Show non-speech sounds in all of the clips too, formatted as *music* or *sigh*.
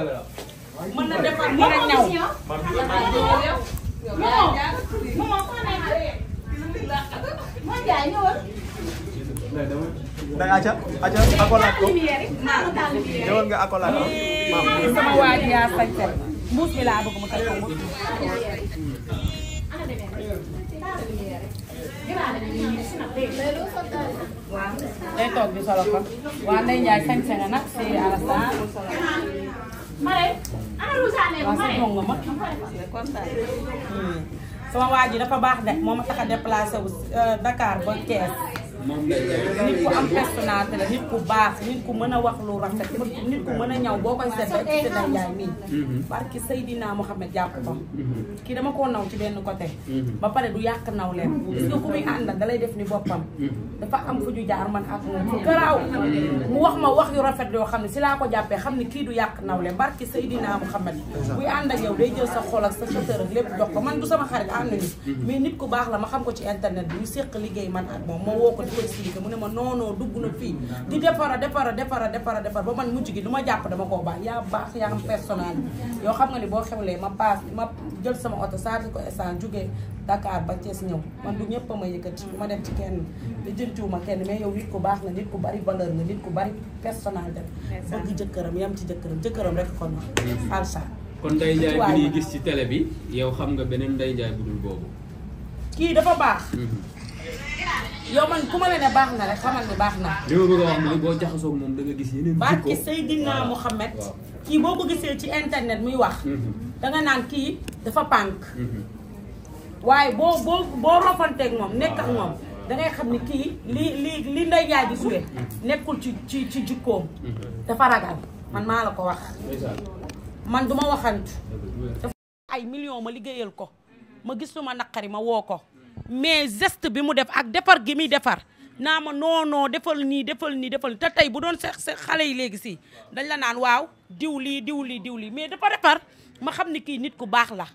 mën na defar mën na ñaw day acca acca akolaat ko ñëwal nga akolaat ko sama waa ji yaa sañse mbuus bi laa bëgg mu teg ko mbuus day toog di solo ko waa Ndeye Ndiaye sañse nga nag si Alassane Marème ana Rosaane ma hmm. sama waa ji dafa baax de moo ma tax a déplacé wu euh, ba Thiès. nit ku am personnalité la nit ku baax nit ku mën a wax lu rafet nit ku mën a ñaw boo koy seet rek ci day yaay mii mhm. barki Seydina Mouhamed jàpp ko mhm. kii dama koo naw ci benn côté mhm. ba pare du yàq naw leen gis nga ku muy àndal dalay def dafa am jaar man ak moom fu mu wax ma wax yu rafet yoo xam ne si laa ko jàppee xam ne kii du yàq naw leen barki Seydina Mouhamed buy ànd ak yow day jël sa xol ak sa xëtër ak lépp jox ko man du sama xarit ànd ni mais nit ku baax la ma xam ko ci internet bi ñu séq liggéey man ak moom moo woo ko di mu ne ma noonoo non dugg na fii di départ départ départ départ ba man mujj gi lu ma jàpp dama koo baax yaa baax yaa am personnel yoo xam nga ni boo xewlee ma paas ma jël sama oto chargé ko essence jógee dakaar ba Thiès ñëw man du ñëpp a ma yëkkati du ma dem ci kenn di jëntuwuma kenn mais yow nit ku baax nga nit ku bari valeur nga nit ku bari personnalité bëgg jëkkëram yam ci jëkkëram jëkkëram rek kon na mm-hmm. alsa kon Ndeye Ndiaye bi ñuy gis ci tele bi yow xam nga beneen Ndeye boobu kii dafa baax mm-hmm. yow man ku ma la ne baax na rek xamal ni baax na. li ma a wax mooy boo jaxasoo moom da nga gis yeneen. jikko barke Seydina Mouhamed. kii boo ko gisee ci internet muy wax. Mhm. danga naan kii dafa pànk. Mhm. waaye boo boo boo ropanteeg moom nekk ak moom dangay xam ne kii li li li nday jaay di suwe mhm. nekkul ci ci ci jikkoom. dafa ragal man maa la ko wax. man du ma waxantu. dafa ay million ma liggéeyal ko ma gis lu ma naqari ma woo ko. mais geste bi mu def ak defar gi muy defar naa ma non non defal nii defal nii defal nii te tey bu doon sa sa xale yi léegi si dañ la naan waaw diw lii diw lii diw lii mais dafa defar ma xam ni kii nit ku baax la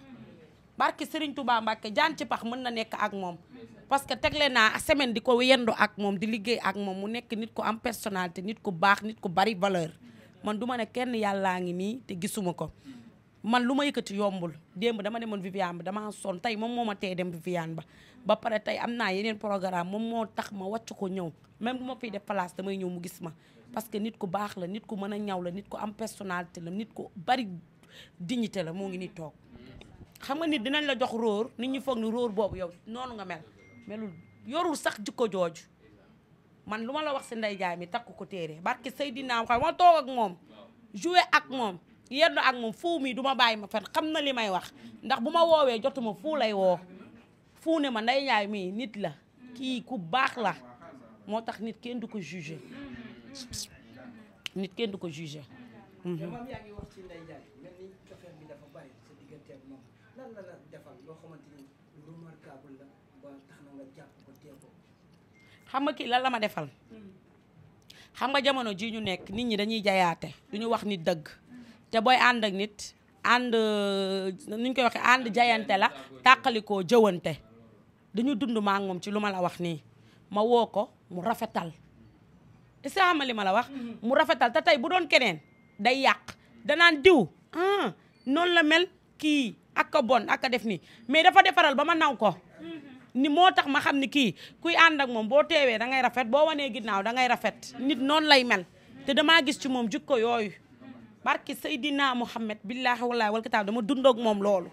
barki Serigne Touba Mbacke jaan ci pax mën na nekk ak moom parce que tegle naa semaine di ko yendo ak moom di liggéey ak moom mu nekk nit ku am personnalité nit ku baax nit ku bari valeur man du ma ne kenn yàllaa ngi mii te gisuma ko man lu ma yëkkati yombul démb dama demoon Viviane ba dama sonn tey moom moo ma tee dem Viviane ba ba pare tey am naa yeneen programme moom moo tax ma wacc ko ñëw même bu ma def place damay ñëw mu gis ma parce que nit ku baax la nit ku mën a ñaw la nit ku am personnalité la nit ku bari dignité la moo ngi ni toog xam nga nit dinañ la jox róor nit ñi foog ni róor boobu yow noonu nga mel melul yorul sax jukko jooju man lu ma la wax si ndey mi takk ko téere barke Seydina xam ma toog ak moom jouer ak moom yenn ak moom fuu mii duma bàyyi ma fen xam na li may wax ndax bu ma woowee jotuma fuu lay woo fuu ne ma nday ñaay mii nit la kii ku baax la moo tax nit kenn du ko jugé nit kenn du ko jugé. Mhm. xam nga kii lan la ma defal hmm. xam nga jamono ji ñu nekk nit ñi dañuy jayaate duñu wax nit dëgg te booy ànd ak nit ànd nuñ koy waxee ànd jayante la tàqalikoo jëwante dañu dund maa moom ci lu ma la wax nii ma woo ko mu rafetal est-ce que li ma la wax mhm. mu rafetal te tey bu doon keneen day yàq danaan diw ah noonu la mel kii ak a bon ak a def nii mais dafa defaral ba ma naw ko mhm. ni moo tax ma xam ni kii kuy ànd ak moom boo teewee da ngay rafet boo wanee ginnaaw da ngay rafet nit noonu lay mel te damaa gis ci moom jikko yooyu barke Seydina Mouhamed billaahi wallaahi wal kitaab dama dund ak moom loolu.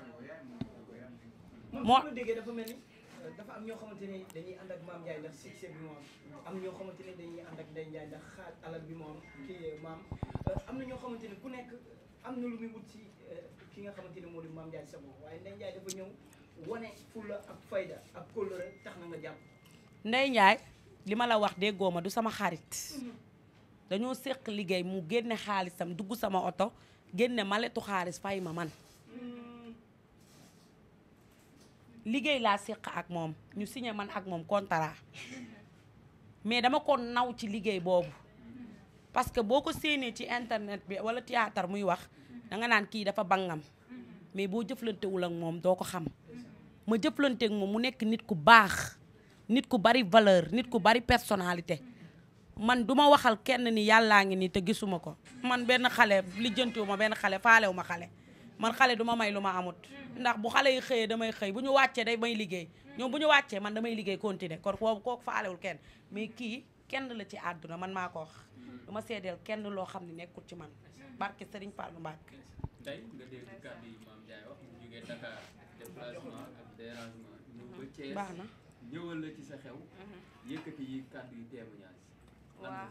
moo euh, dafa am ñoo xamante ne dañuy ànd ak maam Ndiaye ndax succès bi moom am ñoo xamante ne dañuy ànd ak Ndeye Ndiaye ndax xaaj alal bi moom kii euh, maam euh, am na ñoo xamante ne ku nekk am na lu muy wut si ki nga xamante ne moo di maam Ndiaye sa bopp waaye Ndeye Ndiaye dafa ñëw wane fulla ak fayda ak kóllëre tax na nga jàpp. Ndeye Ndiaye li ma la wax déggoo ma du sama xarit. Mhm. dañoo séq liggéey mu génne xaalisam dugg sama oto génne maletu xaalis fay ma man liggéey laa séq ak moom ñu signé man ak moom contrat mais dama ko naw ci liggéey boobu parce que boo ko séenee ci internet bi wala théâtre muy wax danga naan kii dafa bangam mais boo jëflantewul ak moom doo ko xam ma jëflante ak moom mu nekk nit ku baax nit ku bari valeur nit ku bari personnalité man du ma waxal kenn ni yàllaa ngi nii te gisuma ko man benn xale lijjantiwu ma benn xale faalewu ma xale man xale duma may lu ma amut ndax bu xale yi xëyee damay xëy bu ñu wàccee day may liggéey ñoom bu ñu wàccee man damay liggéey continuer kon kooku kooku faalewul kenn mais kii kenn la ci àdduna man maa ko wax du ma seedeel kenn loo xam ne nekkul ci man barke Serigne Fallou Mbacké na ñëwal waa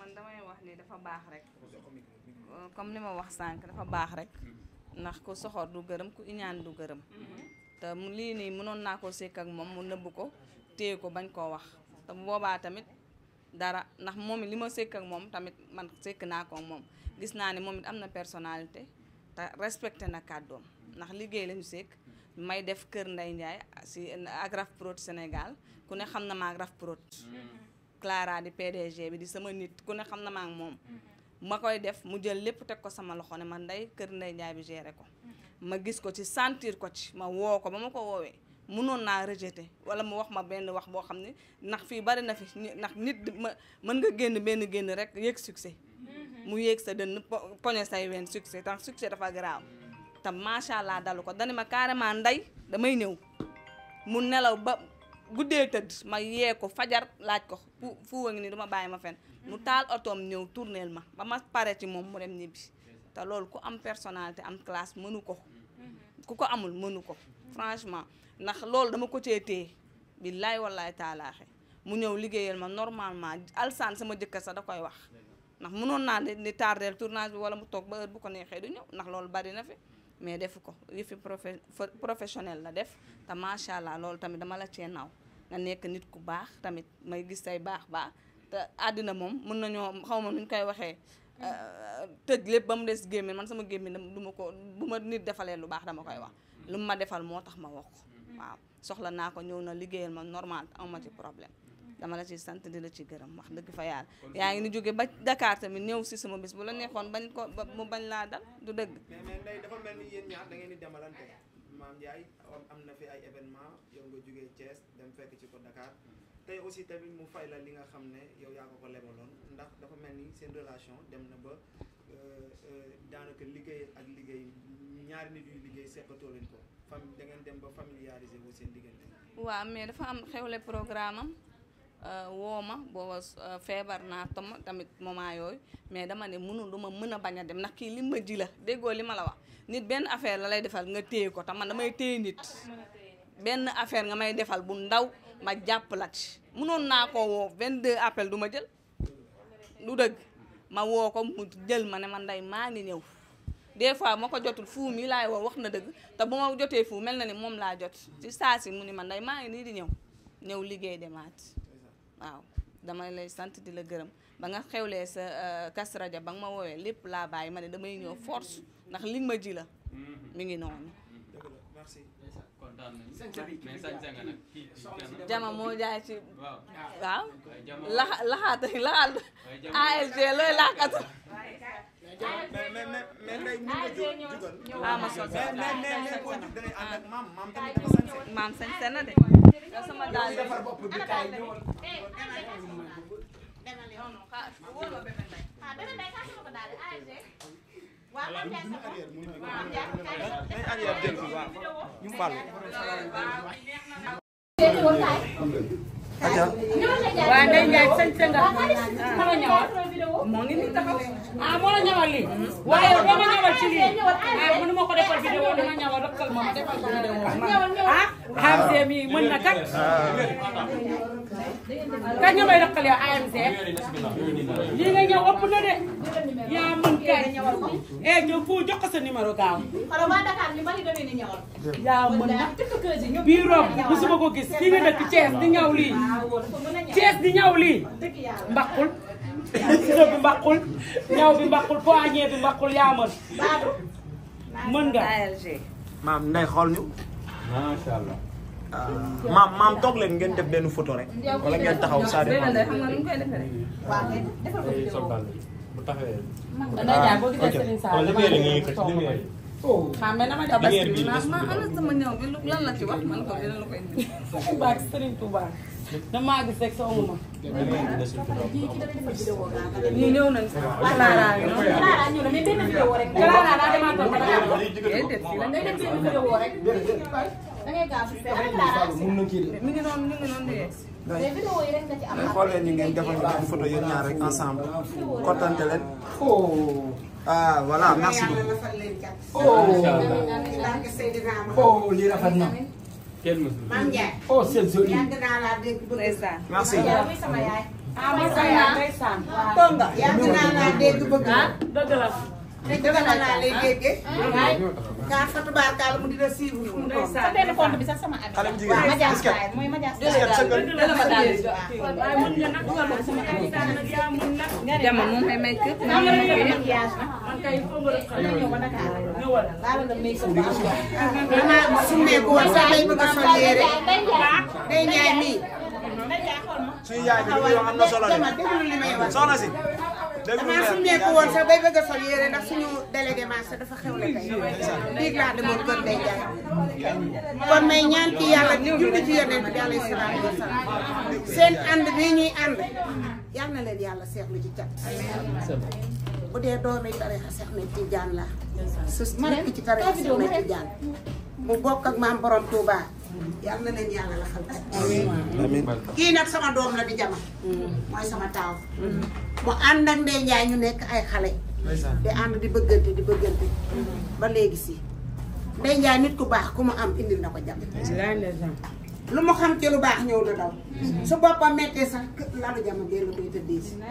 man damay wax lii dafa baax rek comme li ma wax sànq dafa baax rek mm-hmm. ndax ku soxor du gërëm ku iñaan du gërëm mm-hmm. te mu lii nii mënoon naa ko sékk ak moom mu nëbb ko téye ko bañ koo wax te boobaa tamit dara ndax moom it li ma sékk ak moom tamit man sékk naa ko moom gis naa ni moom it am na personnalité te respecté na kàddoom ndax liggéey lañu sékk may def kër Ndeye Ndiaye si ak Raf Prod Sénégal ku ne xam na ma Raf Prod mm-hmm. Clara di PDG bi di sama nit ku ne xam na maa ngi moom mm-hmm. ma koy def mu jël lépp teg ko sama loxo ne man day kër ndey Ndiaye bi gere ko mm-hmm. ma gis ko ci sentir ko ci ma woo ko ba ma ko woowee munoon naa rejeté wala mu wax ma benn wax boo xam ne ndax fii bari na fi ndax nit ma mën nga génn benn génn rek yéeg succès mm-hmm. mu yéeg sa dënn poñe say ween succès tax succès dafa garaaw te macha allah dalu ko dani ma carrément ndey damay ñëw mu nelaw ba guddee tëdd ma yee ko fajar laaj ko fu fu wëng ni duma bàyyi ma fen mu taal otoom ñëw tournel ma ba ma pare ci moom mu dem ñibbi te loolu ku am personnalité am classe mënu ko mhm. ku ko amul mënu ko franchement ndax loolu dama ko cee téye billaay wallaay taalaaxe mu ñëw liggéeyal ma normalement alsaan sama jëkkër sax da koy wax ndax mënoon naa ni tardeel tournage bi wala mu toog ba heure bu ko neexee du ñëw ndax loolu bari na fi mais defu ko yëfi profe professionnel la def te macha allah loolu tamit dama la cee naaw nga nekk nit ku baax tamit may gis say baax baax te àddina moom mën nañoo xaw ma nuñ koy waxee. Euh, tëj lépp ba mu des gémmiñ man sama gémmiñ du ma ko bu ma nit defalee lu baax dama koy wax lu ma defal moo tax ma wax ko mm-hmm. waaw soxla naa ko ñëw na liggéeyal ma normal am ma ci problème. dama la ci sant di la ci gërëm wax dëgg fa yàlla yaa ngi ni jóge ba Dakar tamit ñëw si sama bis bu la neexoon bañ ko mu bañ laa dal du dëgg mais mais Ndeye dafa mel ni yéen ñaar da ngeen di demalante maam Ndiaye am na fi ay événement yow nga jógee Thiès dem fekk ci ko Dakar tey aussi tamit mu fay la li nga xam ne yow yaa ko ko lebaloon ndax dafa mel ni seen relation dem na ba euh, euh, daanaka liggéey ak liggéey ñaari nit yuy liggéey seqatoo leen ko fam da ngeen dem ba familiariser wu seen diggante waaw mais dafa am xewle programme am Euh, woo ma booba euh, feebar naa tom tamit moment yooyu mais dama ne mënu duma mën a bañ a dem ndax kii li ma jila déggoo li ma la wax nit benn affaire la lay defal nga téye ko te man damay téye nit benn affaire nga may defal bu ndaw ma jàpp la ci mënoon naa ko woo 22 appel du ma jël du dëgg ma woo ko mu jël ma ne man day maa ngi ñëw des fois ma ko jotul fuu mi laay wax na dëgg te bu ma jotee fuu mel na ni moom laa jot ci saa si mu ni ma day maa ngi nii di ñëw ñëw liggéey demaat waaw dama lay sant di la gërëm ba nga xewlee sa euh, Kazu Rajab ba nga ma woowee lépp laa bàyyi ma ne damay ñëw force ndax li ma ji la mu mm-hmm. ngi noonu kontaan nañu. mais sañ nga nag kii kii jama moo jaay ci. waaw waaw. laxa ma soog mais mais mais boo jóg dangay ànd ak maam maam tamit dafa sañ. maam sañ sañ na de. yow sama daal waaw Mame Ndiaye sax waaw Ndeye Ndiaye sañ sa nga. moo ngi nii taxaw. Ah, ñëwal ci lii ah mënu ma ko defal vidéo dama ñëwal rëkkal ma ma a ko vidéo ah AMC mi mën na kat kañ nga may rëkkal yow AMC lii nga ñëw ëpp na de yaa mën a eh ñëw foo jox ko sa numéro a yaa mën na bii rob musuma ko gis fii nga dëkk Thiès di ñëw lii ah, Thiès di ñëw lii mbaqul silo bi mbaqul ñaw bi mbaqul poignée bi mbaqul yaa mën Sadou. mën nga maam nday xool ñu. macha allah. Ah, maam maam leen ngeen benn photo rek. wala ngeen taxaw Sadou maam. waaw defal ko vidéo bu taxawee. oh ah mais dama jox basket bi ma ana sama ñëw bi lan la ci wax man ko dina la ko indi. *laughs* Serigne Touba ak Serigne Touba damaa gis rek sa ma. ñii ñëw nañu sax. Clara ñëw na mais benn vidéo rek. Clara daa demaat ba rek. mi ngi noonu mi rek nga ci am. xool leen ñu ngeen defal ñu photo yéen ñaar ah voilà merci beaucoup. oh lii rafet na. kenn mosul. maam Ndiaye. oh c'est joli. yàgg naa laa dégg. ndeysaan. merci. ah mooy sama yaay. ah mooy sama yaay. ndeysaan. yàgg naa laa dégg bëgg. ah dëgg la. léegi dana naa lay déggee. kaa fa tubaarkaala mu dina suivre fu mu toll. sa benn compte bi sax sama ami. xale bu jigéen waaw Madia Seye mooy Madia Seye. dama moom kay may kër. maa ngi lay def man kay ñëw ba Dakar. laal la may kër ba am quoi. damaa summeeku woon sax day bëgg a sol yére. day ñaay mii. suñu yaay bi am na solo de. soxna si. damaa summeeku woon sax bay bëgg a sol yére ndax suñu délégué marché dafa xew la tey biir laa demoon kër day jaay kon may ñaan ci yàlla di julli ci yonent bi alayhi salaatu wa seen ànd bii ñuy ànd yal na leen yàlla seexlu ci cat bu dee doomi tarixa Seex Ahmed Tijaan la su ma nekk ci tarixa Seex Ahmed Tijaan mu bokk ak maam borom Touba. yàlla na leen yàlla laxal amiin kii nag sama doom la di jama mooy sama taaw mu ànd ak Ndeye ñu nekk ay xale di ànd di bëggante di bëggante ba léegi si Ndeye Ndiaye nit ku baax ku mu am indil na ko jam lu mu xam ci lu baax ñëw la daw su boppam mettee sax lalu jama la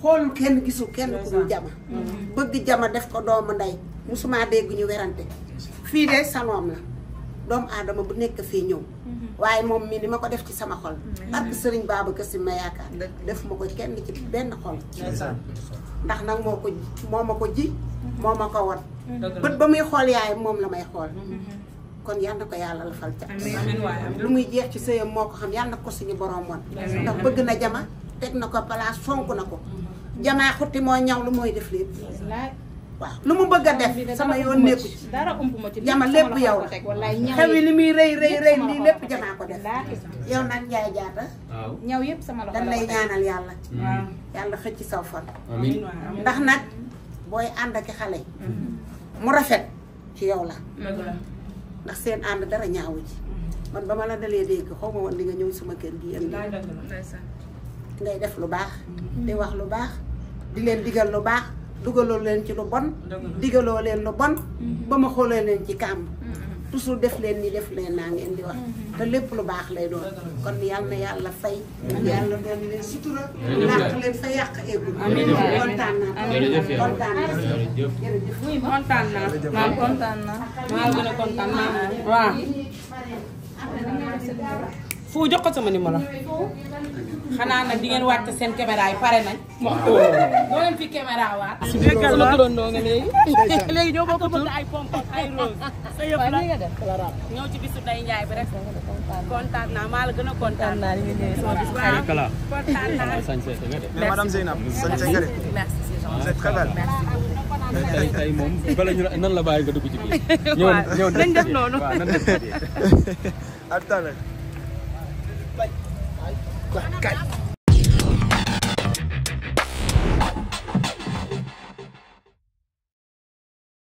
koy kenn gisul kenn ku dul jama bëgg jama def ko doomu ndey musuma dégg ñu werante fii de sanoom la doomu adama bu nekk fii ñëw mhm. waaye moom mii li ma ko def ci sama xol barke sëriñ Babacar Sy ma yaakaar def ma ko kenn ci benn xol ndax nag moo ko moo ma ko ji mhm. moo ma ko won mhm. bët ba muy xool yaay moom la may xool kon yal na ko yàlla la fal cat lu muy jeex ci sëyam moo ko xam yal na ko suñu borom won ndax bëgg na jama teg na ko place fonk na ko jamaa xutti moo ñaw lu mooy def lépp waaw lu mu bëgg a def sama yoon nekku ci jama lépp yow la xew yi li muy rëy rey rëy lii lépp jamaa ko def yow nag Njaay Jaata ñaw yëpp sama loxo dañ lay ñaanal yàlla mm. yàlla xëcc saw fan ndax nag booy ànd ak xale mm-hmm. mu rafet ci yow la ndax seen ànd dara ñaawu ci mm-hmm. man ba ma la dalee dégg xaw ma woon di nga ñëw suma kër gi yëpp ngay def lu baax mm-hmm. di wax lu baax di leen digal lu baax dugaloo leen ci lu bon digaloo leen lu bon mhm. ba ma xoolee leen ci kàmb mhm. toujours def leen ni def leen naa ngeen di wax mhm. te lépp lu baax lay doon kon yàlla na yàlla fay yàlla doon leen yàq eggul kontaan naa kontaan naa jërëjëf kontaan naa maa kontaan naa maa foo jox ko sama numéro. xanaa nag di ngeen wàcc seen caméra yi pare nañ. waaw doo leen fi caméra waat. su fekkee la sama turandoo nga léegi. léegi ñoo bokk tur ay pompe ay rose. sa yëpp la ñëw ci bisu Ndeye Ndiaye bi rek. kontaan naa maa la gën a kontaan. naa li nga ñëwee sama bisu xarit la. kontaan naa mais madame Zeynab. merci merci c'est gentil. vous êtes très belle. tey tey moom bala ñu nan la bàyyi nga dugg ci biir. *laughs* waaw nañ def noonu ñëw ñëw nañ def la kaay.